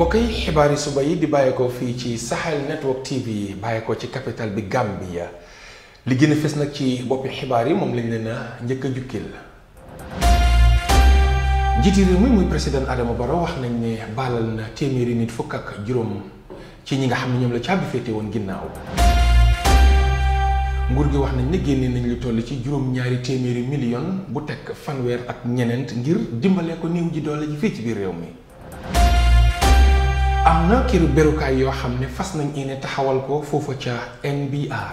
mbokk yi xibaar yi suba yi di bàyyeekoo fii ci Sahel Network TV bàyyeekoo ci capital bi Gambia li gën a fes nag ci boppi xibaar yi moom lañ leen a njëkk a jukkil njiiti réew mi muy président Adama Barrow wax nañ ne baalal na téeméeri nit fukk ak juróom ci ñi nga xam ne ñoom la caabi féete woon ginnaaw nguur gi wax nañ ne génne nañ lu toll ci juróom-ñaari téeméeri million bu teg fanweer ak ñeneent ngir dimbale ko néew ji doole ji fii ci biir réew mi am na këru berukaay yoo xam ne fas nañ yéene taxawal ko foofa ca NBR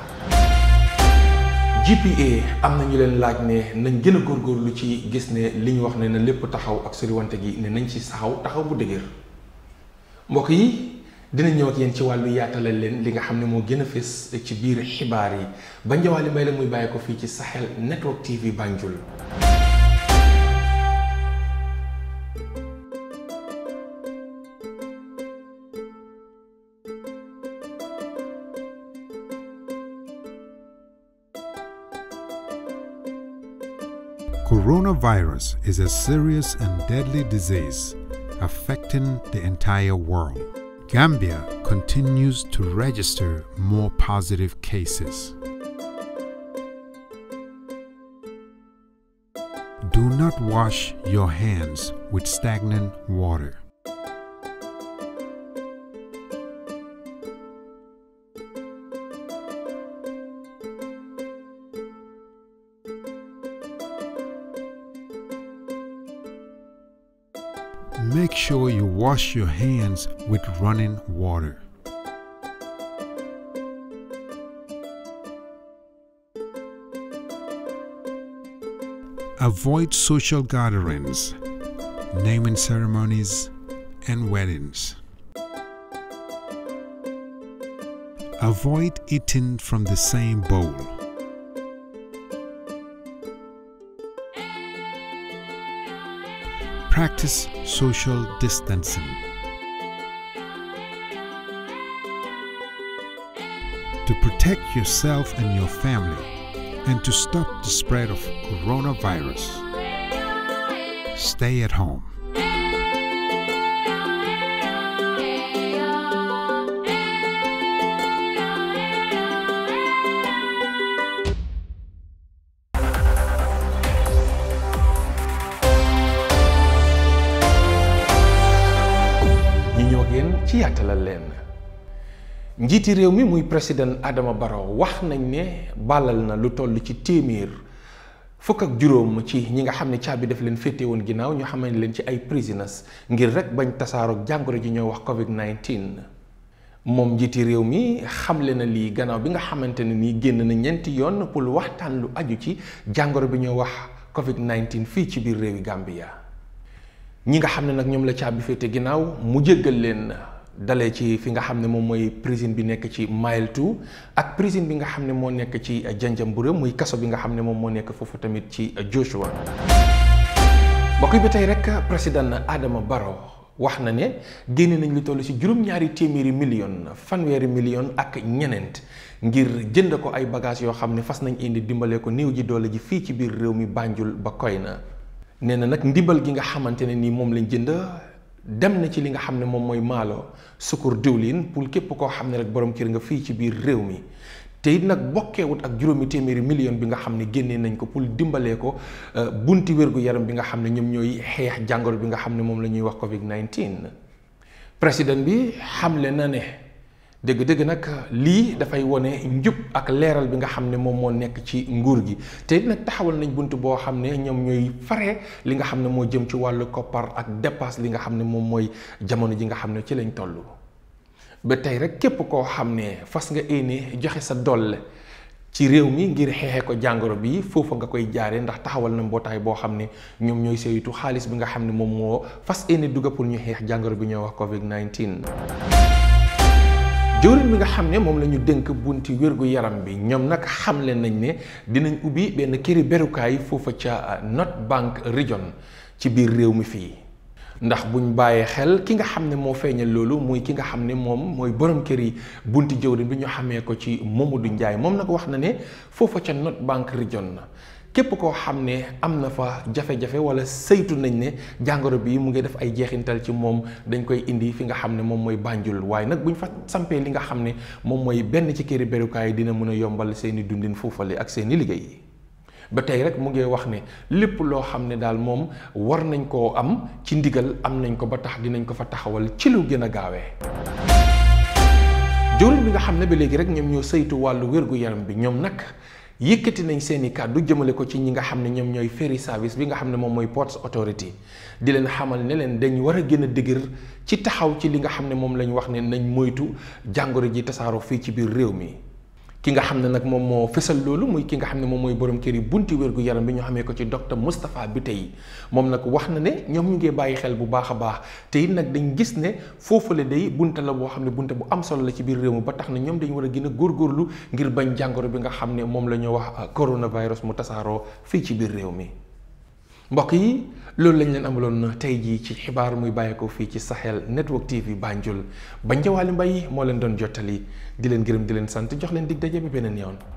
GPA am na ñu leen laaj ne nañ gën a lu ci gis ne li ñu wax ne na lépp taxaw ak soriwante gi ne nañ ci taxaw taxaw bu dëgër mbokk yi dina ñëwat ak yéen wàll bi yaatalal leen li nga xam ne moo gën a ci biir xibaar yi ba njawaali may la muy bàyyi ko fii ci sa Sahel Network TV Banjul Coronavirus is a serious and deadly disease affecting the entire world. Gambia continues to register more positive cases. Do not wash your hands with stagnant water. Make sure you wash your hands with running water. Avoid social gatherings, naming ceremonies, and weddings. Avoid eating from the same bowl. practice social distancing. To protect yourself and your family and to stop the spread of coronavirus, stay at home. ci yàttalal leen njiiti réew mi muy président Adama Barrow wax nañ ne bàllal na lu toll ci téeméer fukk ak juróom ci ñi nga xam ne caabi daf leen féete woon ginnaaw ñoo xamante leen ci ay prisoners ngir rek bañ tasaaroog jàngoro ji ñoo wax Covid 19. moom njiiti réew mi xamle na lii gannaaw bi nga xamante ne nii génn na ñeenti yoon pour waxtaan lu aju ci jàngoro bi ñoo wax Covid 19 fii ci biir réewi Gambia. ñi nga xam ne nag ñoom la caabi féete ginnaaw mu jéggal leen dale ci fi nga xam ne moom mooy prison bi nekk ci Mile 2 ak prison bi nga xam ne moo nekk ci Janjanbureh muy kaso bi nga xam ne moom moo nekk foofu tamit ci Joshua mbokk bi tey rek président Adama Barrow wax na ne génne nañ lu toll ci juróom-ñaari téeméeri million fanweeri million ak ñeneent ngir jënd ko ay bagages yoo xam ne fas nañ indi dimbale ko néew ji doole ji fii ci biir réew mi Banjul ba koy na nee na nag ndimbal gi nga xamante ne ni moom lañ jënd dem na ci li nga xam ne moom mooy maalo sukkur diwlin pour képp koo xam ne rek borom kër nga fii ci biir réew mi te it nag wut ak juróomi téeméeri million bi nga xam ne génnee nañ ko pour dimbalee ko euh, bunti wérgu yaram bi nga xam ne ñoom ñooy xeex jàngoro bi nga xam ne moom la ñuy wax Covid 19 président bi xamle na ne. dëgg nak li, lii dafay wone njub ak leeral bi nga xam ne moom moo nekk ci nguur gi taxawal nañ ne ñoom ñooy fare li nga xam ne moo jëm ci wàllu koppar ak dépasse li nga xam ne moom mooy jamono ji nga ci lañ ba rek képp koo fas nga éene joxe sa dolle ci réew mi ngir xeexee ko jàngoro bi foofa nga koy jaaree ndax taxawal na mbootaay boo xam ne ñoom ñooy saytu bi nga fas éene duga pour ñu xeex jàngoro bi ñoo wax covid 19 jëwriñ bi nga xam ne moom la ñu dénk bunti wér-gu-yaram bi ñoom nag xamle nañ ne dinañ ubbi benn këri berukaay foofa ca euh, not Bank Region ci biir réew mi fii ndax buñ bàyyee xel ki nga xam ne moo feeñal loolu muy ki nga xam ne moom mooy borom kër yi bunti jëwriñ bi ñu xamee ko ci du Njaay moom nag wax na ne foofa ca North Bank Region képp koo xam ne am na fa jafe-jafe wala saytu nañ ne jàngoro bii mu ngi def ay jeexintal ci moom dañ koy indi fi nga xam ne moom mooy Banjul waaye nag bu ñu fa sampee li nga xam ne moom mooy benn ci këri berukaay dina mën a yombal seeni dundin foofale ak seeni liggéey ba tey mu ngi wax ne lépp loo xam ne daal moom war nañ koo am ci ndigal am nañ ko ba tax dinañ ko fa taxawal ci lu gën a gaawee. jëwriñ bi nga xam ne ba léegi rek ñoom ñoo saytu wàllu wér-gu-yaram bi ñoom nag yëkkati nañ seeni i kàddu jëmale ko ci ñi nga xam ne ñoom ñooy ferry service bi nga xam ne moom mooy Ports Authority di leen xamal ne leen dañ war a gën a dëgër ci taxaw ci li nga xam ne moom lañ wax ne nañ moytu jàngoro ji tasaaroo fii ci biir réew mi. ki nga xam ne nag moom moo fësal loolu muy ki nga xam ne moom mooy borom kër yi bunti wérgu yaram bi ñu xamee ko ci docteur Moustapha tey moom nag wax na ne ñoom ñu ngee bàyyi xel bu baax a baax te it nag dañ gis ne foofu la day bunte la boo xam ne bunte bu am solo la ci biir réew mi ba tax na ñoom dañu war a gën a góorgóorlu ngir bañ jàngoro bi nga xam ne moom la ñu wax coronavirus mu tasaaroo fii ci biir réew mi mbokk yi loolu lañ leen amaloon tey jii ci xibaar muy ko fii ci sa xel Network TV Banjul ba njawaali mbay moo leen doon jottali di leen gërëm di leen sant jox leen dig daje bi beneen yoon.